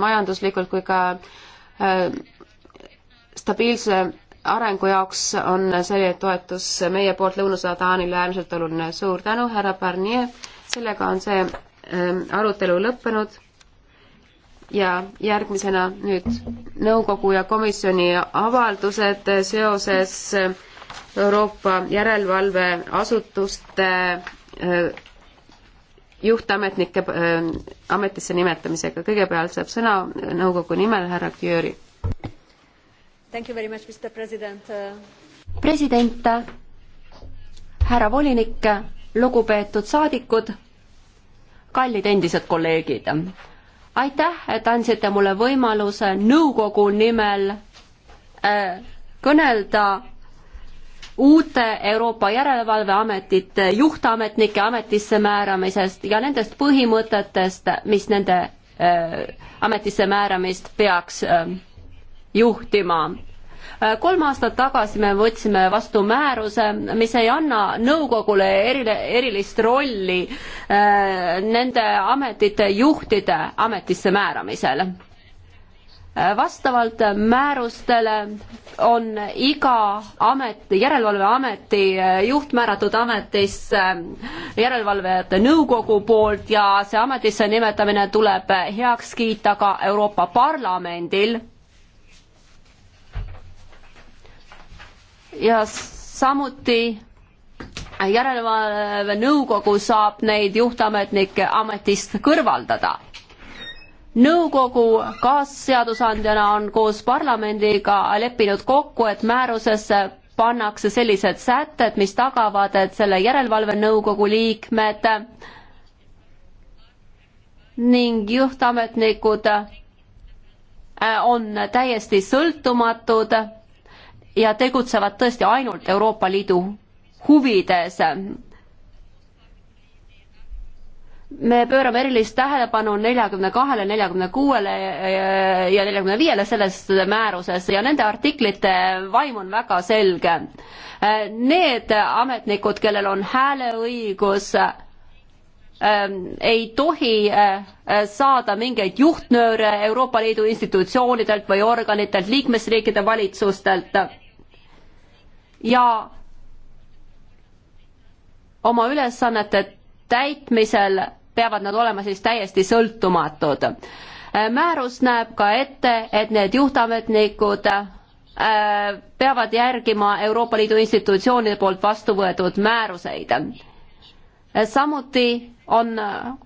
majanduslikult kui ka äh, stabiilse arengu jaoks on selline toetus meie poolt Lõuna-Sudaanile äärmiselt oluline. suur tänu, härra Barnier, sellega on see ähm, arutelu lõppenud ja järgmisena nüüd nõukogu ja komisjoni avaldused seoses Euroopa järelevalveasutuste äh, juhtametnike ähm, ametisse nimetamisega. kõigepealt saab sõna nõukogu nimel härra Kjöri. president, uh, president, härra volinik, lugupeetud saadikud, kallid endised kolleegid, aitäh, et andsite mulle võimaluse nõukogu nimel äh, kõnelda uute Euroopa Järelevalveametite juhtametnike ametisse määramisest ja nendest põhimõtetest, mis nende äh, ametisse määramist peaks ähm, äh, juhtima kolm aastat tagasi me võtsime vastu määruse, mis ei anna nõukogule erile, erilist rolli äh, nende ametite juhtide ametisse määramisel vastavalt määrustele on iga amet, järelevalveameti eh, juht määratud ametisse eh, järelevalvejate nõukogu poolt ja see ametisse nimetamine tuleb heaks kiita ka Euroopa Parlamendil. ja samuti järelevalve nõukogu saab neid juhtametnikke ametist kõrvaldada nõukogu kaasseadusandjana on koos parlamendiga leppinud kokku, et määrusesse pannakse sellised sätted, mis tagavad, et selle järelevalvenõukogu liikmed ning juhtametnikud äh, on täiesti sõltumatud ja tegutsevad tõesti ainult Euroopa Liidu huvides me pöörame erilist tähelepanu neljakümne kahele, neljakümne kuuele äh, ja neljakümne viiele selles määruses ja nende artiklite vaim on väga selge. Äh, need ametnikud, kellel on hääleõigus, äh, ei tohi saada mingeid juhtnööre Euroopa Liidu institutsioonidelt või organitelt, liikmesriikide valitsustelt. ja oma ülesannete täitmisel peavad nad olema siis täiesti sõltumatud. Äh, määrus näeb ka ette, et need juhtametnikud äh, peavad järgima Euroopa Liidu institutsioonide poolt vastu võetud määruseid. Äh, samuti on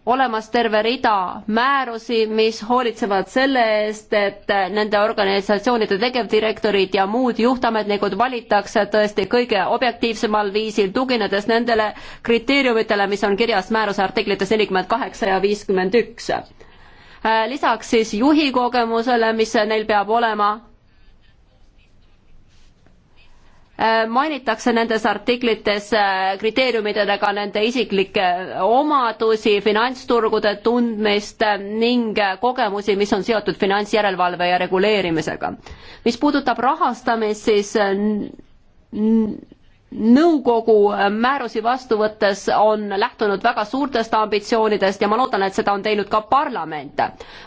olemas terve rida määrusi, mis hoolitsevad selle eest, et nende organisatsioonide tegevdirektorid ja muud juhtametnikud valitakse tõesti kõige objektiivsemal viisil, tuginedes nendele kriteeriumitele, mis on kirjas määruse artiklites nelikümmend kaheksa ja viiskümmend üks. lisaks siis juhi kogemusele, mis neil peab olema Äh, mainitakse nendes artiklites äh, kriteeriumidega nende isiklikke äh, omadusi, finantsturgude tundmist ning kogemusi, mis on seotud finantsjärelevalve ja reguleerimisega. mis puudutab rahastamist, siis nõukogu määrusi vastu võttes on lähtunud väga suurtest ambitsioonidest ja ma loodan, et seda on teinud ka parlament.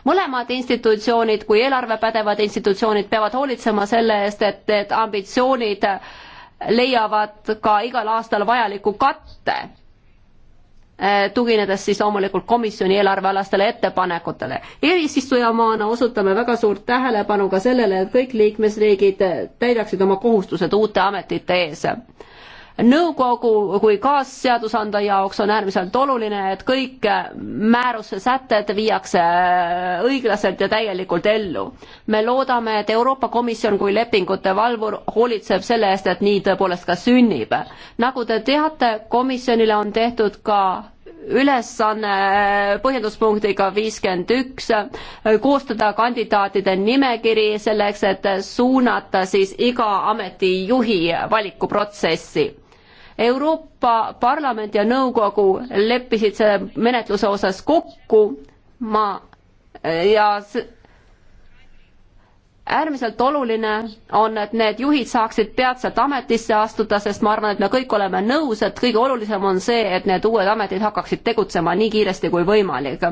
mõlemad institutsioonid kui eelarvepädevad institutsioonid peavad hoolitsema selle eest, et need ambitsioonid leiavad ka igal aastal vajaliku katte, tuginedes siis loomulikult komisjoni eelarvealastele ettepanekutele. eesistujamaana osutame väga suurt tähelepanu ka sellele, et kõik liikmesriigid täidaksid oma kohustused uute ametite ees nõukogu kui kaasseadusandja jaoks on äärmiselt oluline, et kõik määruse sätted viiakse õiglaselt ja täielikult ellu. me loodame, et Euroopa Komisjon kui lepingute valvur hoolitseb selle eest, et nii tõepoolest ka sünnib. nagu te teate, komisjonile on tehtud ka ülesanne põhjenduspunktiga viiskümmend üks koostada kandidaatide nimekiri selleks, et suunata siis iga ametijuhi valikuprotsessi. Euroopa Parlament ja Nõukogu leppisid selle menetluse osas kokku, ma ja äärmiselt oluline on, et need juhid saaksid peatselt ametisse astuda, sest ma arvan, et me kõik oleme nõus, et kõige olulisem on see, et need uued ametid hakkaksid tegutsema nii kiiresti kui võimalik.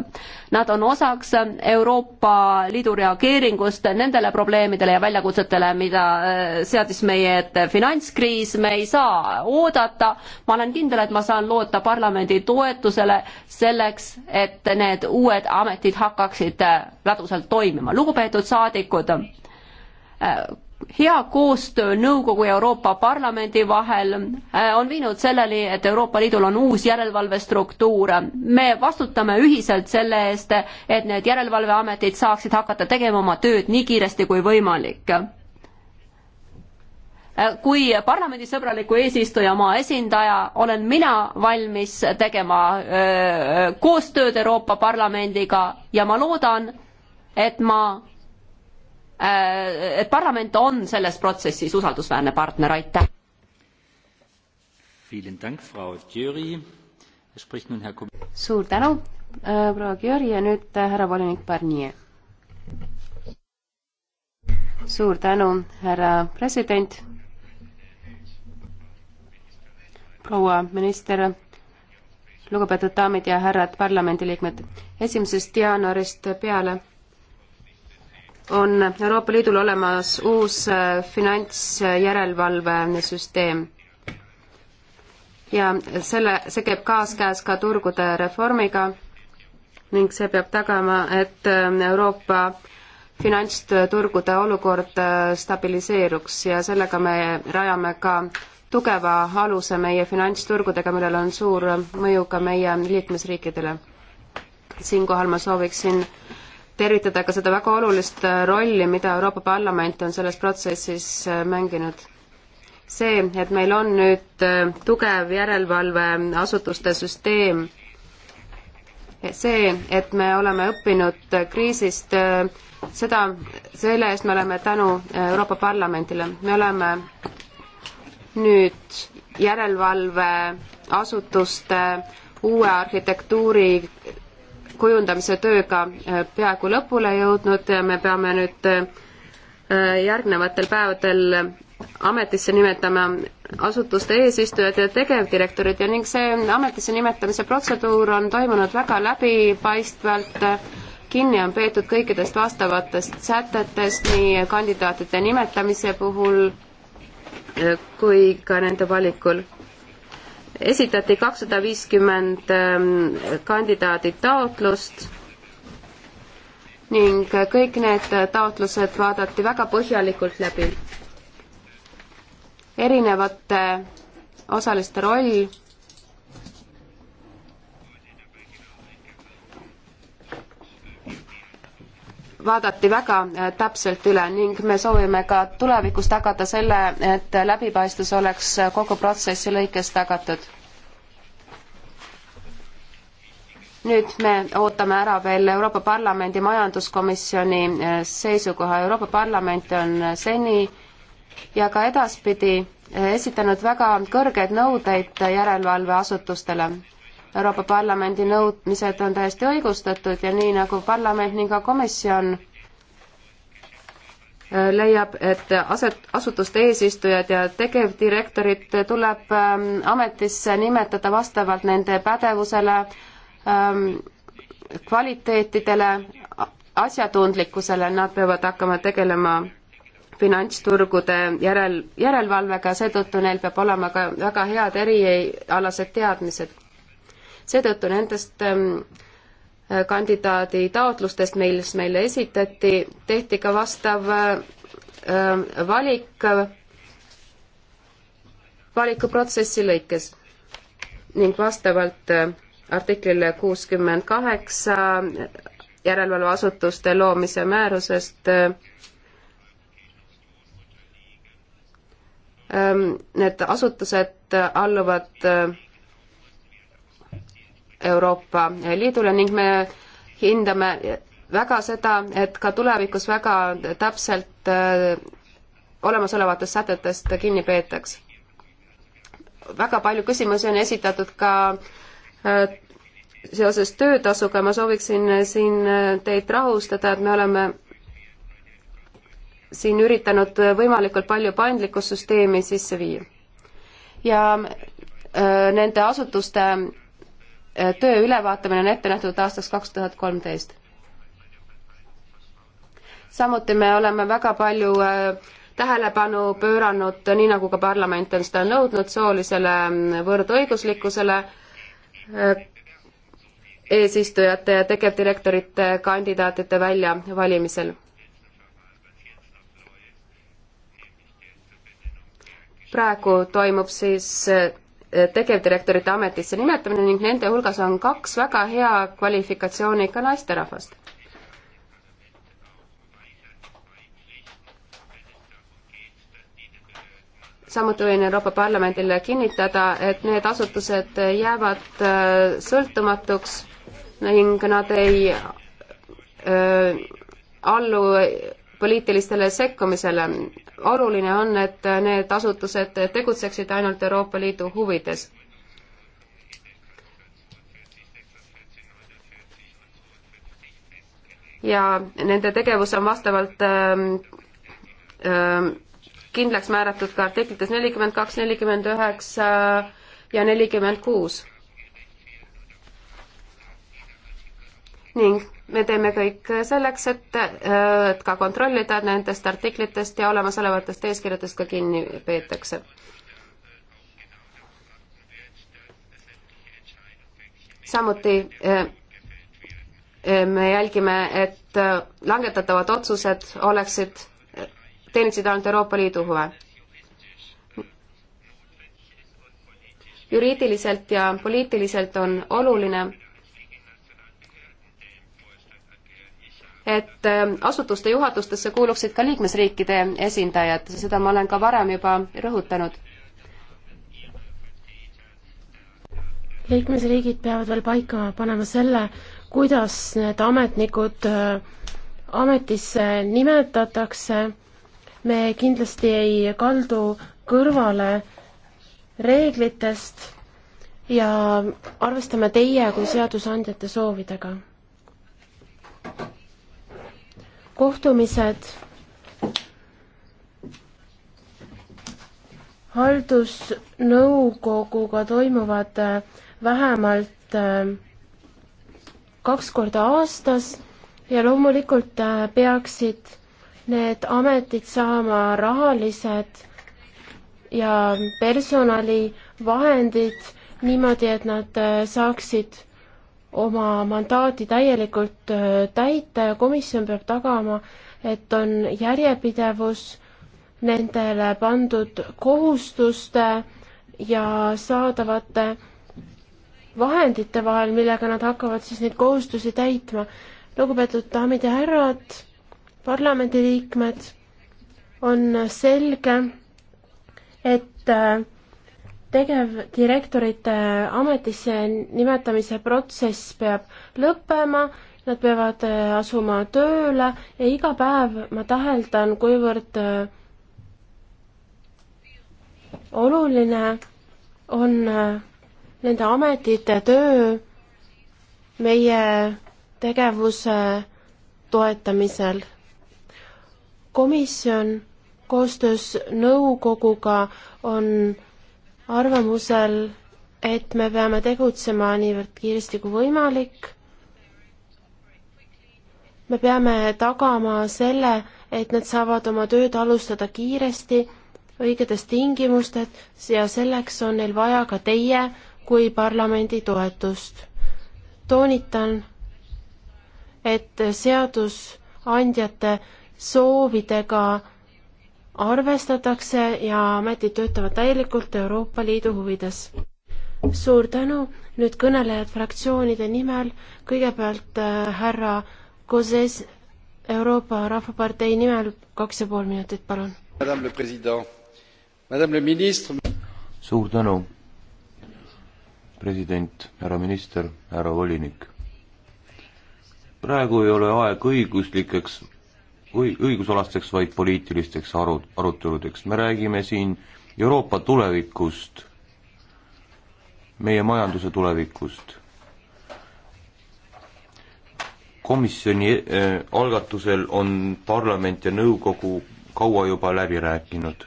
Nad on osaks Euroopa Liidu reageeringust nendele probleemidele ja väljakutsetele, mida äh, seadis meie ette finantskriis, me ei saa oodata, ma olen kindel, et ma saan loota parlamendi toetusele selleks, et need uued ametid hakkaksid äh, ladusalt toimima. lugupeetud saadikud, Äh, hea koostöö Nõukogu ja Euroopa Parlamendi vahel äh, on viinud selleni, et Euroopa Liidul on uus järelevalvestruktuur. me vastutame ühiselt selle eest, et need järelevalveametid saaksid hakata tegema oma tööd nii kiiresti kui võimalik äh, kui parlamendisõbraliku eesistujamaa esindaja olen mina valmis tegema öö, koostööd Euroopa Parlamendiga ja ma loodan, et ma Äh, et parlament on selles protsessis usaldusväärne partner, aitäh. suur tänu, äh, proua Jüri ja nüüd äh, härra volinik Barnier. suur tänu, härra president. proua minister lugupeetud daamid ja härrad parlamendiliikmed, esimesest jaanuarist peale on Euroopa Liidul olemas uus äh, finantsjärelevalvesüsteem. ja selle, see käib kaaskäes ka turgude reformiga ning see peab tagama, et äh, Euroopa finantsturgude olukord äh, stabiliseeruks ja sellega me rajame ka tugeva aluse meie finantsturgudega, millel on suur mõju ka meie liikmesriikidele. siinkohal ma sooviksin tervitada ka seda väga olulist äh, rolli, mida Euroopa Parlament on selles protsessis äh, mänginud. see, et meil on nüüd äh, tugev järelevalveasutuste süsteem, see, et me oleme õppinud kriisist, seda, selle eest me oleme tänu Euroopa Parlamendile. me oleme nüüd järelevalveasutuste uue arhitektuuri kujundamise tööga äh, peaaegu lõpule jõudnud ja me peame nüüd äh, järgnevatel päevadel ametisse nimetama asutuste eesistujad ja tegevdirektorid ja ning see ametisse nimetamise protseduur on toimunud väga läbipaistvalt, kinni on peetud kõikidest vastavatest sätetest nii kandidaatide nimetamise puhul äh, kui ka nende valikul esitati kakssada viiskümmend ähm, kandidaadi taotlust ning kõik need taotlused vaadati väga põhjalikult läbi. erinevate osaliste roll vaadati väga äh, täpselt üle ning me soovime ka tulevikus tagada selle, et läbipaistvus oleks äh, kogu protsessi lõikes tagatud. nüüd me ootame ära veel Euroopa Parlamendi majanduskomisjoni äh, seisukoha, Euroopa Parlament on seni ja ka edaspidi esitanud väga kõrgeid nõudeid järelevalveasutustele Euroopa Parlamendi nõudmised on täiesti õigustatud ja nii nagu parlament ning ka komisjon äh, leiab, et aset, asutuste eesistujad ja tegevdirektorid tuleb ähm, ametisse nimetada vastavalt nende pädevusele ähm,, kvaliteetidele, asjatundlikkusele, nad peavad hakkama tegelema finantsturgude järel, järelevalvega, seetõttu neil peab olema ka väga head erialased teadmised seetõttu nendest ähm, äh, kandidaadi taotlustest, mis meile esitati, tehti ka vastav äh, äh, valik valikuprotsessi lõikes ning vastavalt artiklile kuuskümmend kaheksa järelevalveasutuste loomise määrusest ähm, need asutused alluvad Euroopa Liidule ning me hindame väga seda, et ka tulevikus väga täpselt äh, olemasolevatest sätetest kinni peetaks. väga palju küsimusi on esitatud ka äh, seoses töötasuga, ma sooviksin äh, siin teid rahustada, et me oleme siin üritanud võimalikult palju paindlikkust süsteemi sisse viia. ja nende asutuste Äh, töö ülevaatamine on ette nähtud aastaks kaks tuhat kolmteist. samuti me oleme väga palju äh, tähelepanu pööranud, nii nagu ka parlament on seda nõudnud, soolisele mm, võrdõiguslikkusele äh, eesistujate ja tegevdirektorite kandidaatide väljavalimisel. praegu toimub siis tegevdirektorite ametisse nimetamine ning nende hulgas on kaks väga hea kvalifikatsiooniga naisterahvast. samuti võin Euroopa Parlamendile kinnitada, et need asutused jäävad äh, sõltumatuks ning nad ei öö, äh, allu poliitilistele sekkumisele. oluline on, et need asutused tegutseksid ainult Euroopa Liidu huvides. ja nende tegevus on vastavalt ähm, ähm, kindlaks määratud ka artiklites nelikümmend kaks, nelikümmend üheksa ja nelikümmend kuus. ning me teeme kõik selleks, et, äh, et ka kontrollida, et nendest artiklitest ja olemasolevatest eeskirjadest ka kinni peetakse. samuti äh, äh, me jälgime, et langetatavad otsused oleksid, teeniksid ainult Euroopa Liidu huve. juriidiliselt ja poliitiliselt on oluline et äh, asutuste juhatustesse kuuluksid ka liikmesriikide esindajad, seda ma olen ka varem juba rõhutanud. liikmesriigid peavad veel paika panema selle, kuidas need ametnikud äh, ametisse nimetatakse. me kindlasti ei kaldu kõrvale reeglitest ja arvestame teie kui seadusandjate soovidega kohtumised haldusnõukoguga toimuvad äh, vähemalt äh, kaks korda aastas ja loomulikult äh, peaksid need ametid saama rahalised ja personalivahendid niimoodi, et nad saaksid oma mandaati täielikult äh, täita ja komisjon peab tagama, et on järjepidevus nendele pandud kohustuste ja saadavate vahendite vahel, millega nad hakkavad siis neid kohustusi täitma. lugupeetud daamid ja härrad, parlamendiliikmed, on selge, et äh, tegevdirektorite ametisse nimetamise protsess peab lõppema, nad peavad äh, asuma tööle ja iga päev ma täheldan, kuivõrd äh, oluline on äh, nende ametite töö meie tegevuse toetamisel. komisjon koostöös nõukoguga on arvamusel, et me peame tegutsema niivõrd kiiresti kui võimalik. me peame tagama selle, et nad saavad oma tööd alustada kiiresti, õigetes tingimustes ja selleks on neil vaja ka teie kui parlamendi toetust. toonitan, et seadusandjate soovidega arvestatakse ja ametid töötavad täielikult Euroopa Liidu huvides. suur tänu, nüüd kõnelejad fraktsioonide nimel, kõigepealt äh, härra Kozes Euroopa Rahvapartei nimel kaks ja pool minutit, palun. suur tänu, president, härra minister, härra volinik. praegu ei ole aeg õiguslikeks õigusalasteks, vaid poliitilisteks aru, aruteludeks. me räägime siin Euroopa tulevikust, meie majanduse tulevikust. komisjoni äh, algatusel on parlament ja nõukogu kaua juba läbi rääkinud.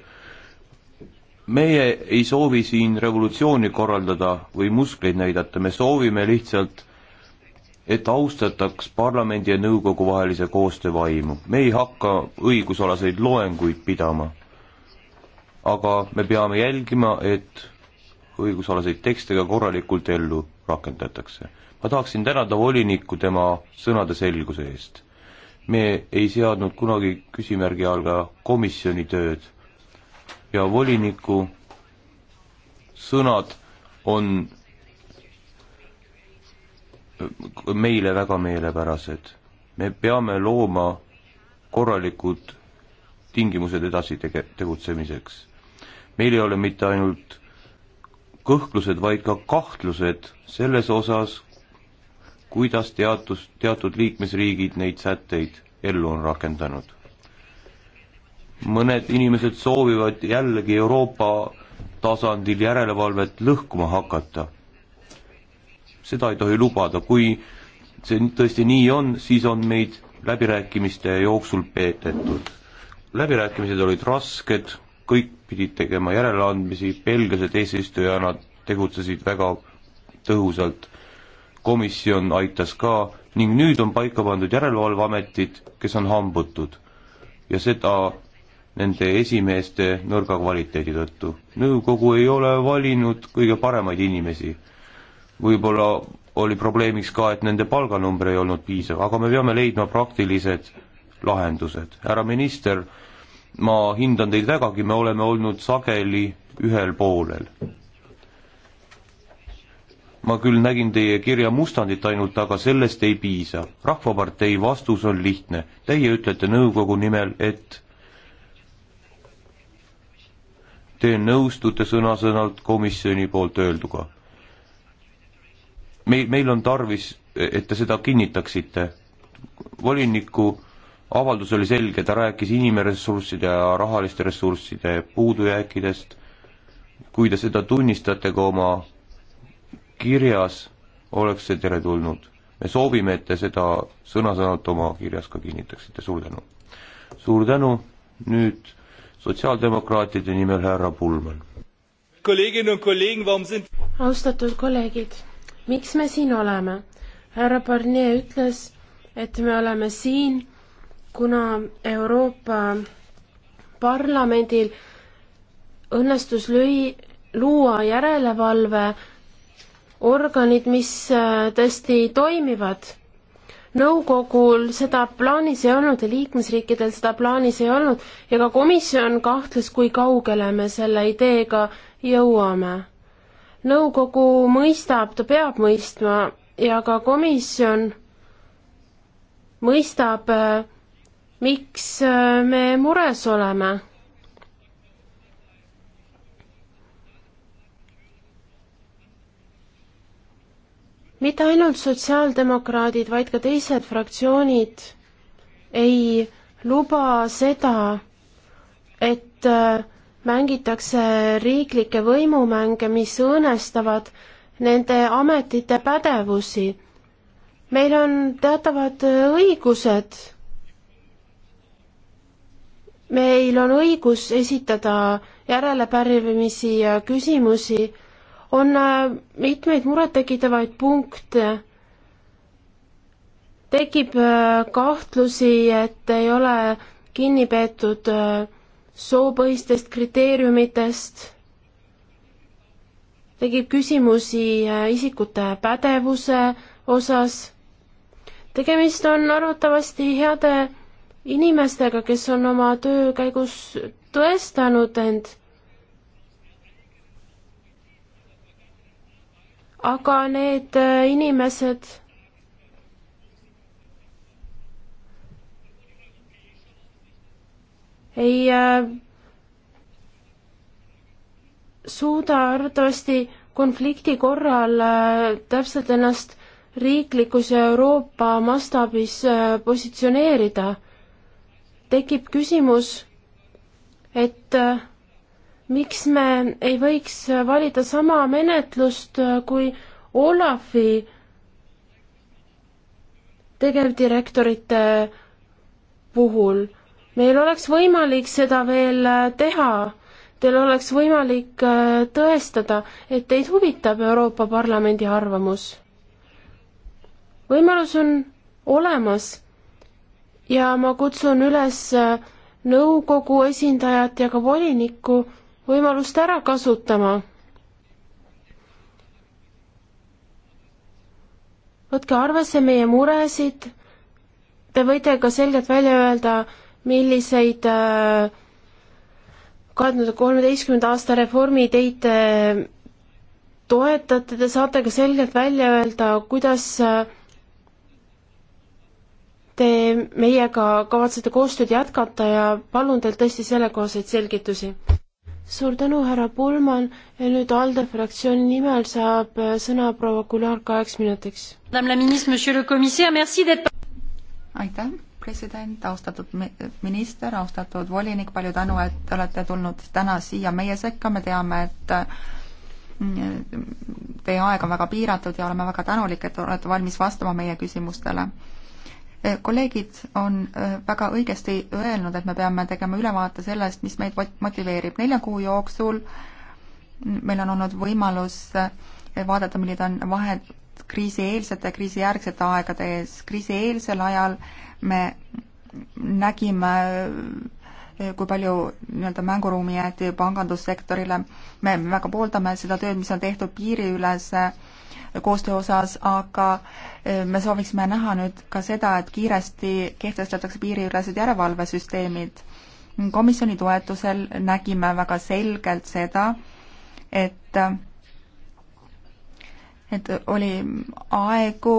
meie ei soovi siin revolutsiooni korraldada või muskleid näidata, me soovime lihtsalt et austataks parlamendi ja nõukogu vahelise koostöö vaimu. me ei hakka õigusalaseid loenguid pidama, aga me peame jälgima, et õigusalaseid tekste ka korralikult ellu rakendatakse. ma tahaksin tänada volinikku tema sõnade selguse eest. me ei seadnud kunagi küsimärgi all ka komisjoni tööd ja voliniku sõnad on meile väga meelepärased. me peame looma korralikud tingimused edasi tege-, tegutsemiseks. meil ei ole mitte ainult kõhklused, vaid ka kahtlused selles osas, kuidas teatus, teatud liikmesriigid neid sätteid ellu on rakendanud. mõned inimesed soovivad jällegi Euroopa tasandil järelevalvet lõhkuma hakata seda ei tohi lubada, kui see tõesti nii on, siis on meid läbirääkimiste jooksul peetetud. läbirääkimised olid rasked, kõik pidid tegema järeleandmisi, belglased eesistujana tegutsesid väga tõhusalt, komisjon aitas ka ning nüüd on paika pandud järelevalveametid, kes on hambutud ja seda nende esimeeste nõrga kvaliteedi tõttu. nõukogu ei ole valinud kõige paremaid inimesi võib-olla oli probleemiks ka, et nende palganumber ei olnud piisav, aga me peame leidma praktilised lahendused. härra minister, ma hindan teid vägagi, me oleme olnud sageli ühel poolel. ma küll nägin teie kirja mustandit ainult, aga sellest ei piisa. rahvapartei vastus on lihtne. Teie ütlete nõukogu nimel, et te nõustute sõna-sõnalt komisjoni poolt öelduga me, meil on tarvis, et te seda kinnitaksite. voliniku avaldus oli selge, ta rääkis inimressursside ja rahaliste ressursside puudujääkidest. kui te seda tunnistate ka oma kirjas, oleks see teretulnud. me soovime, et te seda sõna-sõnalt oma kirjas ka kinnitaksite, suur tänu. suur tänu, nüüd sotsiaaldemokraatide nimel härra Pullmann. austatud kolleegid miks me siin oleme? härra Barnier ütles, et me oleme siin, kuna Euroopa Parlamendil õnnestus lühi, luua järelevalveorganid, mis äh, tõesti toimivad. nõukogul seda plaanis ei olnud ja liikmesriikidel seda plaanis ei olnud ja ka komisjon kahtles, kui kaugele me selle ideega jõuame nõukogu mõistab, ta peab mõistma ja ka komisjon mõistab, miks äh, me mures oleme. mitte ainult sotsiaaldemokraadid, vaid ka teised fraktsioonid ei luba seda, et äh, mängitakse riiklikke võimumänge, mis õõnestavad nende ametite pädevusi. meil on teatavad õigused. meil on õigus esitada järelepärimisi ja küsimusi. on äh, mitmeid murettekitavaid punkte. tekib äh, kahtlusi, et ei ole kinni peetud äh, soopõhistest kriteeriumitest, tekib küsimusi äh, isikute pädevuse osas. tegemist on arvatavasti heade inimestega, kes on oma töö käigus tõestanud end. aga need äh, inimesed ei äh, suuda arvatavasti konflikti korral äh, täpselt ennast riiklikus ja Euroopa mastaabis äh, positsioneerida. tekib küsimus, et miks me ei võiks valida sama menetlust kui Olafi tegevdirektorite puhul meil oleks võimalik seda veel äh, teha. Teil oleks võimalik äh, tõestada, et teid huvitab Euroopa Parlamendi arvamus. võimalus on olemas ja ma kutsun üles äh, nõukogu esindajat ja ka volinikku võimalust ära kasutama. võtke arvesse meie muresid, te võite ka selgelt välja öelda, milliseid äh, kahe tuhande kolmeteistkümnenda aasta reformi teid äh, toetate, te saate ka selgelt välja öelda, kuidas äh, te meiega kavatsete koostööd jätkata ja palun teilt tõesti sellekohaseid selgitusi. suur tänu, härra Pullmann ja nüüd ALDE fraktsiooni nimel saab sõna proua Kular kaheks minutiks. aitäh president, austatud minister, austatud volinik, palju tänu, et olete tulnud täna siia meie sekka, me teame, et mm, teie aeg on väga piiratud ja oleme väga tänulik, et olete valmis vastama meie küsimustele. E, kolleegid on e, väga õigesti öelnud, et me peame tegema ülevaate sellest, mis meid motiveerib. nelja kuu jooksul mm, meil on olnud võimalus e, vaadata, milline on vahe, kriisieelsete, kriisijärgsete aegade ees. kriisieelsel ajal me nägime eh, kui palju nii-öelda mänguruumi jäeti pangandussektorile. me väga pooldame seda tööd, mis on tehtud piiriülese koostöö osas, aga eh, me sooviksime näha nüüd ka seda, et kiiresti kehtestatakse piiriülesed järelevalvesüsteemid. komisjoni toetusel nägime väga selgelt seda, et et oli aegu,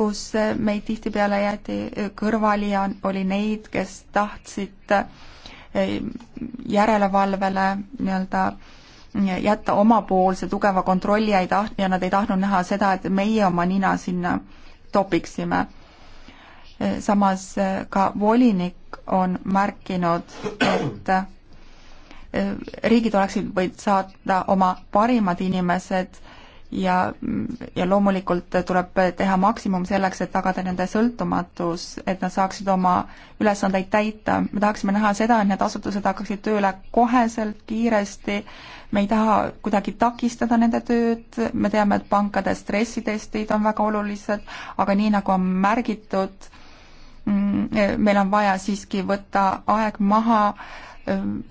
kus meid tihtipeale jäeti kõrvali ja oli neid, kes tahtsid eh, järelevalvele nii-öelda eh, jätta omapoolse tugeva kontrolli ja ei taht-, ja nad ei tahtnud näha seda, et meie oma nina sinna topiksime. Eh, samas ka volinik on märkinud, et riigid oleksid võinud saata oma parimad inimesed ja, ja loomulikult tuleb teha maksimum selleks, et tagada nende sõltumatus, et nad saaksid oma ülesandeid täita. me tahaksime näha seda, et need asutused hakkaksid tööle koheselt, kiiresti, me ei taha kuidagi takistada nende tööd, me teame, et pankade stressitestid on väga olulised, aga nii, nagu on märgitud, mm, meil on vaja siiski võtta aeg maha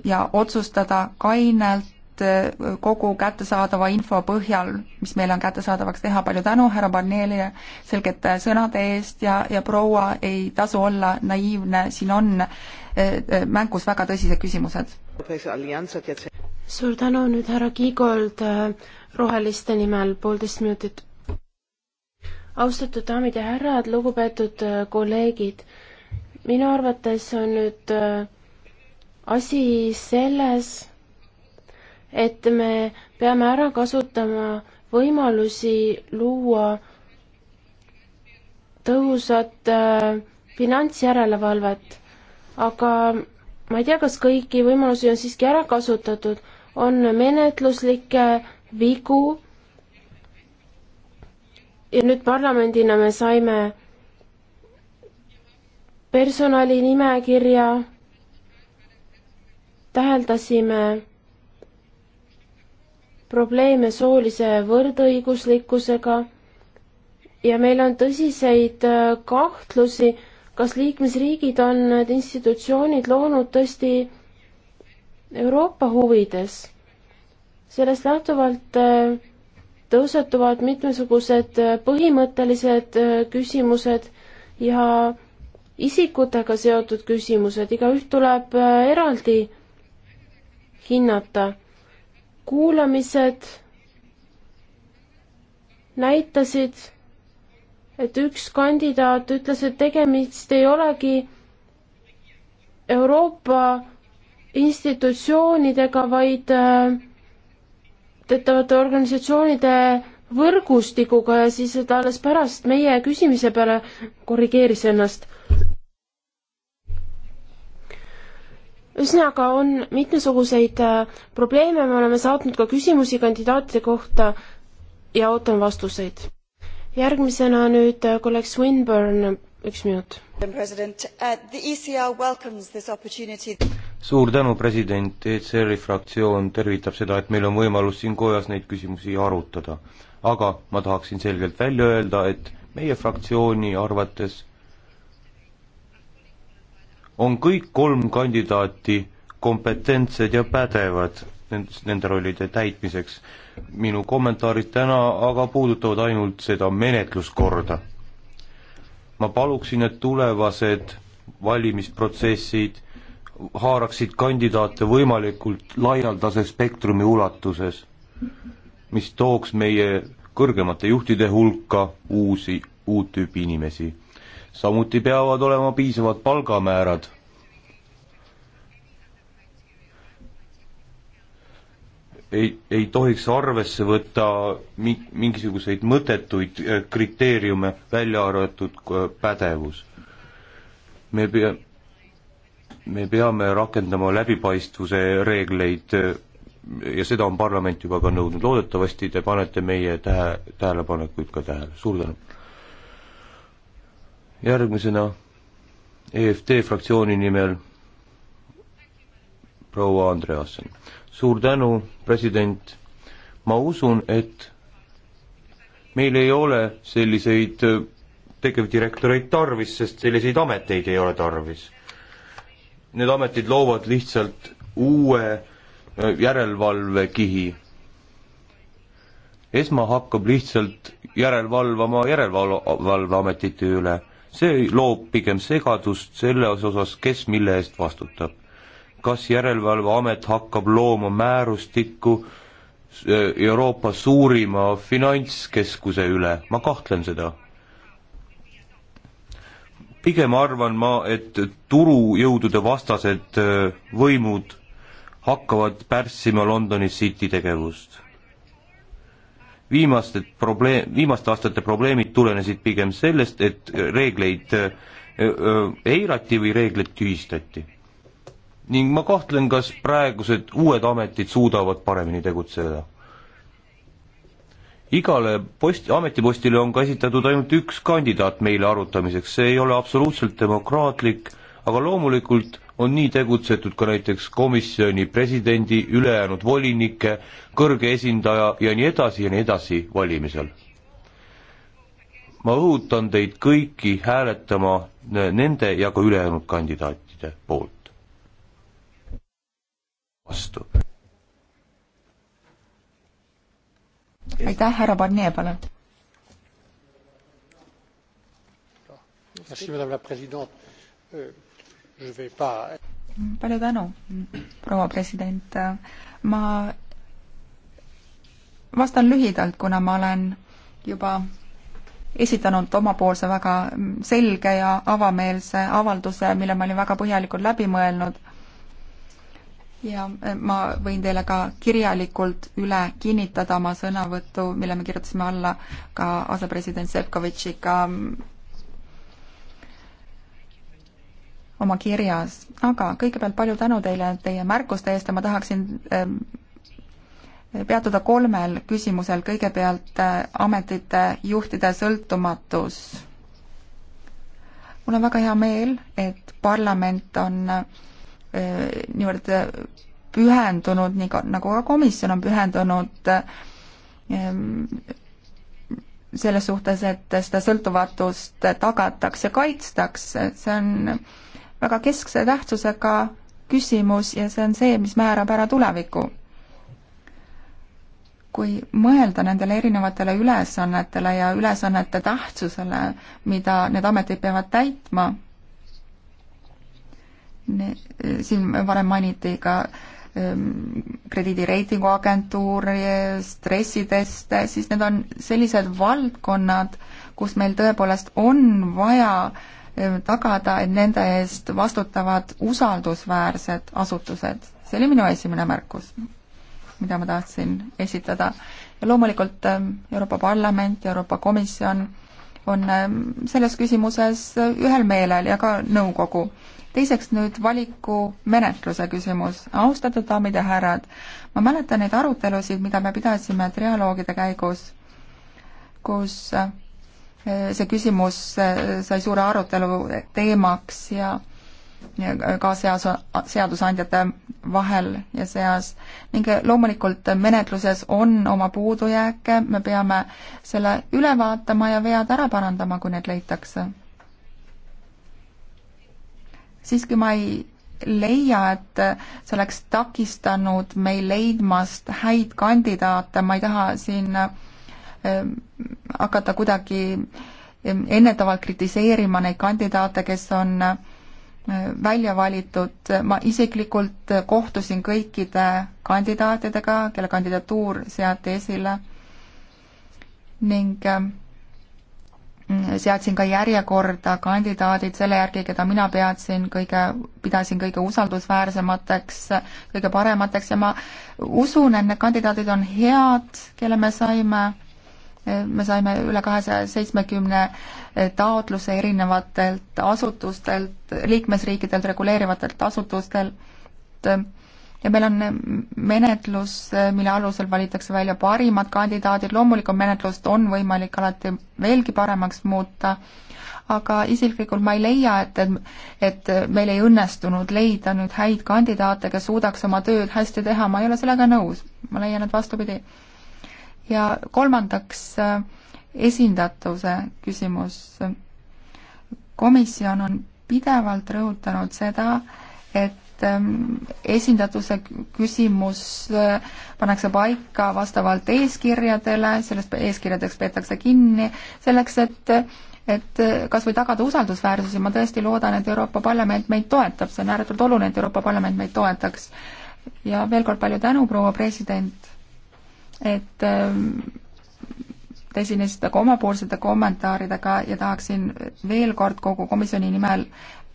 ja otsustada kainelt, tööd eh, kogu kättesaadava info põhjal, mis meile on kättesaadavaks teha. palju tänu härra Barnelile selgete sõnade eest ja, ja proua, ei tasu olla naiivne, siin on eh, eh, mängus väga tõsised küsimused. suur tänu nüüd härra Kiigold roheliste nimel, poolteist minutit. austatud daamid ja härrad, lugupeetud kolleegid, minu arvates on nüüd asi selles, et me peame ära kasutama võimalusi luua tõhusat äh, finantsjärelevalvet, aga ma ei tea, kas kõiki võimalusi on siiski ära kasutatud, on menetluslikke vigu ja nüüd parlamendina me saime personalinimekirja, täheldasime probleeme soolise võrdõiguslikkusega ja meil on tõsiseid äh, kahtlusi, kas liikmesriigid on need institutsioonid loonud tõesti Euroopa huvides. sellest lähtuvalt äh, tõusetuvad mitmesugused äh, põhimõttelised küsimused ja isikutega seotud küsimused, igaüht tuleb eraldi hinnata kuulamised näitasid, et üks kandidaat ütles, et tegemist ei olegi Euroopa institutsioonidega, vaid äh, töötavate organisatsioonide võrgustikuga ja siis ta alles pärast meie küsimise peale korrigeeris ennast. ühesõnaga, on mitmesuguseid äh, probleeme, me oleme saatnud ka küsimusi kandidaatide kohta ja ootan vastuseid. järgmisena nüüd äh, kolleeg Swinburne, üks minut. Uh, e suur tänu, president, ECR-i fraktsioon tervitab seda, et meil on võimalus siin kojas neid küsimusi arutada. aga ma tahaksin selgelt välja öelda, et meie fraktsiooni arvates on kõik kolm kandidaati kompetentsed ja pädevad nende rollide täitmiseks. minu kommentaarid täna aga puudutavad ainult seda menetluskorda. ma paluksin, et tulevased valimisprotsessid haaraksid kandidaate võimalikult laialdase spektrumi ulatuses, mis tooks meie kõrgemate juhtide hulka uusi, uut tüüpi inimesi samuti peavad olema piisavad palgamäärad. ei, ei tohiks arvesse võtta mi-, mingisuguseid mõttetuid eh, kriteeriume, välja arvatud eh, pädevus. me pea-, me peame rakendama läbipaistvuse reegleid eh, ja seda on parlament juba ka nõudnud, loodetavasti te panete meie tähe, tähelepanekuid ka tähele, suur tänu! järgmisena EFT fraktsiooni nimel proua Andreasen. suur tänu, president. ma usun, et meil ei ole selliseid äh, tegevdirektoreid tarvis, sest selliseid ameteid ei ole tarvis. Need ametid loovad lihtsalt uue äh, järelevalvekihi. ESMA hakkab lihtsalt järelevalvama järelevalveametite üle see loob pigem segadust selles osas, kes mille eest vastutab. kas Järelevalveamet hakkab looma määrustikku äh, Euroopa suurima finantskeskuse üle, ma kahtlen seda. pigem arvan ma, et turujõudude vastased äh, võimud hakkavad pärssima Londoni City tegevust viimaste probleem, viimaste aastate probleemid tulenesid pigem sellest, et reegleid äh, äh, eirati või reegleid tühistati. ning ma kahtlen, kas praegused uued ametid suudavad paremini tegutseda. igale post, ametipostile on ka esitatud ainult üks kandidaat meile arutamiseks, see ei ole absoluutselt demokraatlik, aga loomulikult on nii tegutsetud ka näiteks komisjoni presidendi, ülejäänud volinike, kõrge esindaja ja nii edasi ja nii edasi valimisel. ma õhutan teid kõiki hääletama nende ja ka ülejäänud kandidaatide poolt. vastu. aitäh, härra Barnier, palun. Merci Madame la Présidente. Euh, palju tänu, proua president. ma vastan lühidalt, kuna ma olen juba esitanud omapoolse väga selge ja avameelse avalduse, mille ma olin väga põhjalikult läbi mõelnud. ja ma võin teile ka kirjalikult üle kinnitada oma sõnavõttu, mille me kirjutasime alla ka asepresident Sefkovitšiga oma kirjas, aga kõigepealt palju tänu teile teie märkuste eest ja ma tahaksin ähm, peatuda kolmel küsimusel, kõigepealt äh, ametite juhtide sõltumatus. mul on väga hea meel, et parlament on äh, niivõrd äh, pühendunud, nii ka, nagu ka komisjon on pühendunud ähm, selles suhtes, et seda sõltuvatust tagatakse, kaitstakse, see on väga keskse tähtsusega küsimus ja see on see, mis määrab ära tuleviku. kui mõelda nendele erinevatele ülesannetele ja ülesannete tähtsusele, mida need ametid peavad täitma, siin varem mainiti ka ehm, krediidireitinguagentuuri stressiteste, siis need on sellised valdkonnad, kus meil tõepoolest on vaja äh, Äh, tagada, et nende eest vastutavad usaldusväärsed asutused. see oli minu esimene märkus, mida ma tahtsin esitada. ja loomulikult äh, Euroopa Parlament, Euroopa Komisjon on äh, selles küsimuses ühel meelel ja ka nõukogu. teiseks nüüd valikumenetluse küsimus. austatud daamid ja härrad, ma mäletan neid arutelusid, mida me pidasime trialoogide käigus, kus see küsimus eh, sai suure arutelu teemaks ja ka seas, seadusandjate vahel ja seas. ning loomulikult menetluses on oma puudujääke, me peame selle üle vaatama ja vead ära parandama, kui need leitakse. siiski ma ei leia, et see oleks takistanud meil leidmast häid kandidaate, ma ei taha siin äh, Ähm, hakata kuidagi ähm, ennetavalt kritiseerima neid kandidaate, kes on äh, välja valitud, ma isiklikult kohtusin kõikide kandidaatidega, kelle kandidatuur seati esile ning ähm, seadsin ka järjekorda kandidaadid selle järgi, keda mina peatsin kõige, pidasin kõige usaldusväärsemateks, kõige paremateks ja ma usun, et need kandidaadid on head, kelle me saime me saime üle kahesaja seitsmekümne taotluse erinevatelt asutustelt, liikmesriikidelt reguleerivatelt asutustelt ja meil on menetlus, mille alusel valitakse välja parimad kandidaadid, loomulikult menetlust on võimalik alati veelgi paremaks muuta, aga isiklikult ma ei leia, et, et, et meil ei õnnestunud leida nüüd häid kandidaate, kes suudaks oma tööd hästi teha, ma ei ole sellega nõus, ma leian, et vastupidi ja kolmandaks äh, esindatuse küsimus. komisjon on pidevalt rõhutanud seda, et ähm, esindatuse küsimus äh, pannakse paika vastavalt eeskirjadele, sellest eeskirjadeks peetakse kinni, selleks et et kas või tagada usaldusväärsus ja ma tõesti loodan, et Euroopa Parlament meid toetab, see on ääretult oluline, et Euroopa Parlament meid toetaks. ja veel kord palju tänu, proua president! et ähm, te esinesite ka omapoolsete kommentaaridega ja tahaksin veel kord kogu komisjoni nimel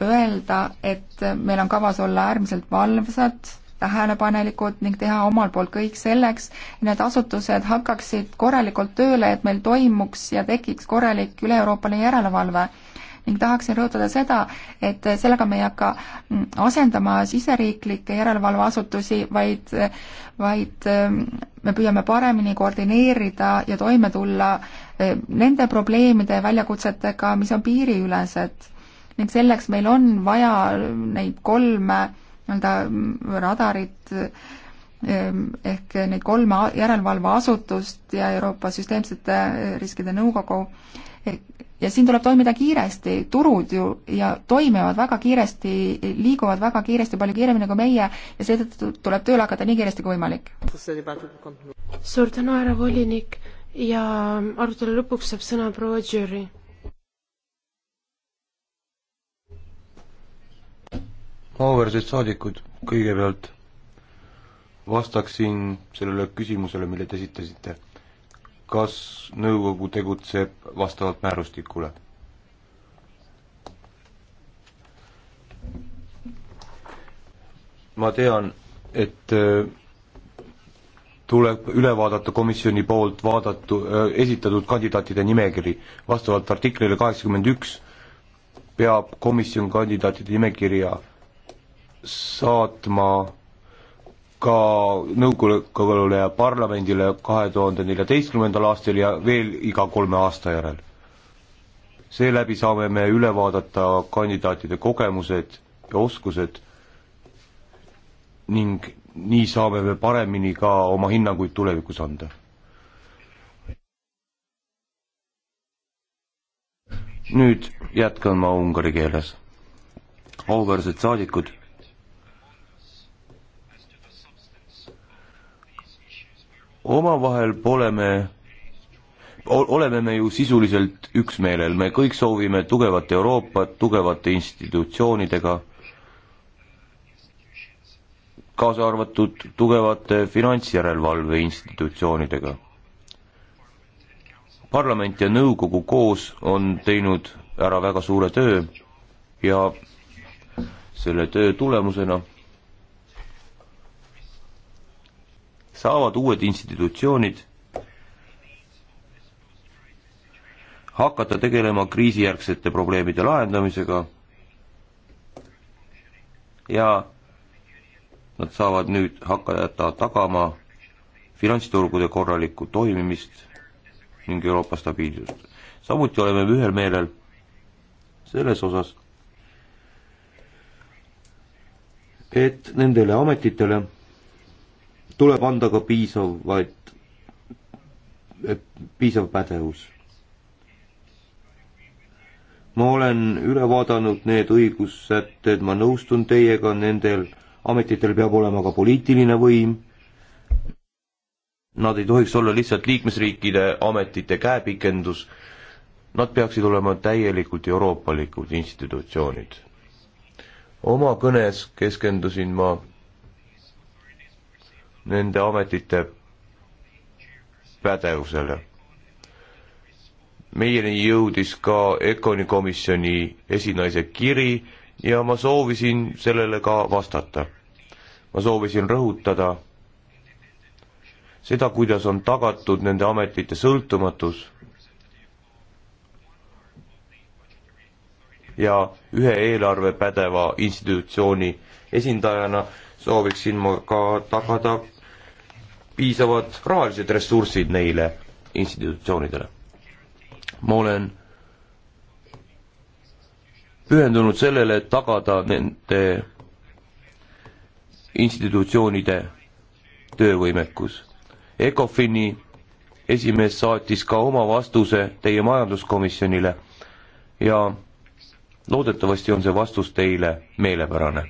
öelda, et meil on kavas olla äärmiselt valvsad, tähelepanelikud ning teha omalt poolt kõik selleks, et need asutused hakkaksid korralikult tööle, et meil toimuks ja tekiks korralik üle-Euroopaline järelevalve ning tahaksin rõhutada seda, et sellega me ei hakka mm, asendama siseriiklikke järelevalveasutusi, vaid, vaid mm, me püüame paremini koordineerida ja toime tulla eh, nende probleemide ja väljakutsetega, mis on piiriülesed. ning selleks meil on vaja mm, neid kolme nii-öelda radarit Ehm, ehk neid kolme järelevalveasutust ja Euroopa Süsteemsete eh, Riskide Nõukogu, e-, ja siin tuleb toimida kiiresti, turud ju ja toimivad väga kiiresti, liiguvad väga kiiresti, palju kiiremini kui meie, ja seetõttu tuleb tööle hakata nii kiiresti kui võimalik. suur tänu, härra volinik, ja arutelu lõpuks saab sõna proua Jüri. auväärsed saadikud, kõigepealt vastaksin sellele küsimusele, mille te esitasite. kas nõukogu tegutseb vastavalt määrustikule? ma tean, et äh, tuleb üle vaadata komisjoni poolt vaadatu, äh, esitatud kandidaatide nimekiri. vastavalt artiklile kaheksakümmend üks peab komisjon kandidaatide nimekirja saatma ka nõukogule ja parlamendile kahe tuhande neljateistkümnendal aastal ja veel iga kolme aasta järel. seeläbi saame me üle vaadata kandidaatide kogemused ja oskused ning nii saame me paremini ka oma hinnanguid tulevikus anda. nüüd jätkan ma ungari keeles. auväärsed saadikud omavahel pole me, oleme me ju sisuliselt üksmeelel, me kõik soovime tugevat Euroopat, tugevate institutsioonidega, kaasa arvatud tugevate finantsjärelevalve institutsioonidega. parlament ja nõukogu koos on teinud ära väga suure töö ja selle töö tulemusena saavad uued institutsioonid hakata tegelema kriisijärgsete probleemide lahendamisega ja nad saavad nüüd hakata tagama finantsturgude korralikku toimimist ning Euroopa stabiilsust. samuti oleme ühel meelel selles osas, et nendele ametitele tuleb anda ka piisavaid, piisav pädevus. ma olen üle vaadanud need õigussätted, ma nõustun teiega, nendel ametitel peab olema ka poliitiline võim. Nad ei tohiks olla lihtsalt liikmesriikide ametite käepikendus. Nad peaksid olema täielikult euroopalikud institutsioonid. oma kõnes keskendusin ma nende ametite pädevusele. meieni jõudis ka Econi komisjoni esinaise kiri ja ma soovisin sellele ka vastata. ma soovisin rõhutada seda, kuidas on tagatud nende ametite sõltumatus ja ühe eelarvepädeva institutsiooni esindajana sooviksin ma ka tagada piisavad rahalised ressursid neile institutsioonidele. ma olen pühendunud sellele, et tagada nende institutsioonide töövõimekus. ECOFIN-i esimees saatis ka oma vastuse teie majanduskomisjonile ja loodetavasti on see vastus teile meelepärane.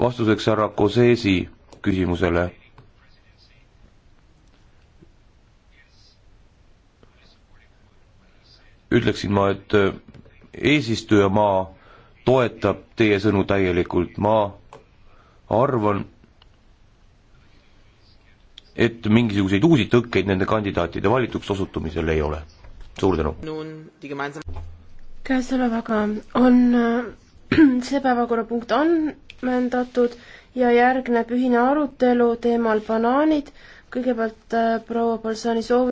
vastuseks härra Kosesi küsimusele. ütleksin ma, et äh, eesistujamaa toetab teie sõnu täielikult, ma arvan, et mingisuguseid uusi tõkkeid nende kandidaatide valituks osutumisel ei ole. suur tänu! käesolevaga on äh, see päevakorrapunkt ammendatud ja järgneb ühine arutelu teemal banaanid. kõigepealt äh, proua Balsani soovib